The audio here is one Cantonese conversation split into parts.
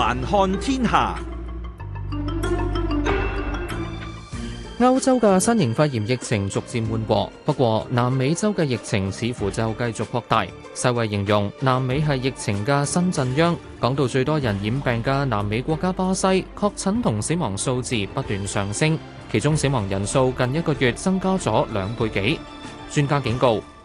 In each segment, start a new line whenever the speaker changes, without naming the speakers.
環看天下，歐洲嘅新型肺炎疫情逐漸緩和，不過南美洲嘅疫情似乎就繼續擴大。世衛形容南美係疫情嘅新震央，講到最多人染病嘅南美國家巴西，確診同死亡數字不斷上升，其中死亡人數近一個月增加咗兩倍幾。專家警告。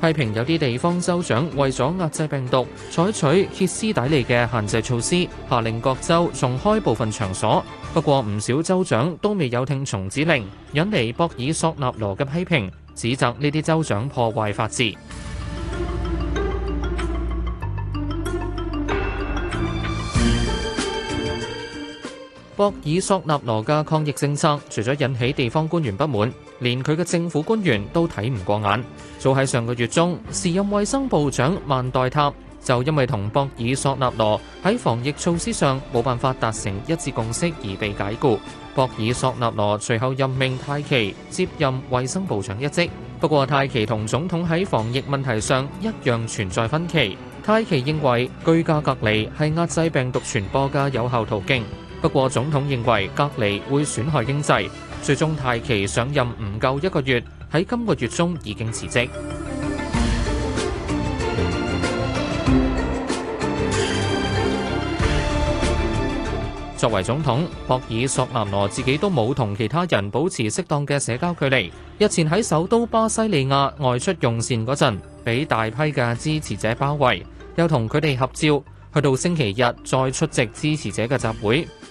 批評有啲地方州長為咗壓制病毒，採取歇斯底裡嘅限制措施，下令各州重開部分場所。不過唔少州長都未有聽從指令，引嚟博爾索納羅嘅批評，指責呢啲州長破壞法治。博爾索納羅嘅抗疫政策，除咗引起地方官員不滿，連佢嘅政府官員都睇唔過眼。早喺上個月中，時任衛生部長曼代塔就因為同博爾索納羅喺防疫措施上冇辦法達成一致共識而被解雇。博爾索納羅隨後任命泰奇接任衛生部長一職。不過，泰奇同總統喺防疫問題上一樣存在分歧。泰奇認為居家隔離係壓制病毒傳播嘅有效途徑。不過總統認為隔離會損害經濟，最終泰奇上任唔夠一個月，喺今個月中已經辭職。 作為總統，博爾索納羅自己都冇同其他人保持適當嘅社交距離。日前喺首都巴西利亞外出用膳嗰陣，俾大批嘅支持者包圍，又同佢哋合照。去到星期日再出席支持者嘅集會。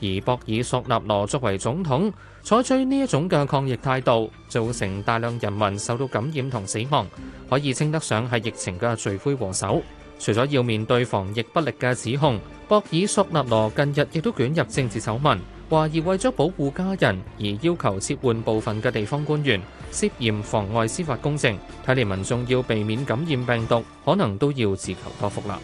而博爾索納羅作為總統，採取呢一種嘅抗疫態度，造成大量人民受到感染同死亡，可以稱得上係疫情嘅罪魁禍首。除咗要面對防疫不力嘅指控，博爾索納羅近日亦都捲入政治醜聞，懷疑為咗保護家人而要求撤換部分嘅地方官員，涉嫌妨礙司法公正。睇嚟民眾要避免感染病毒，可能都要自求多福啦。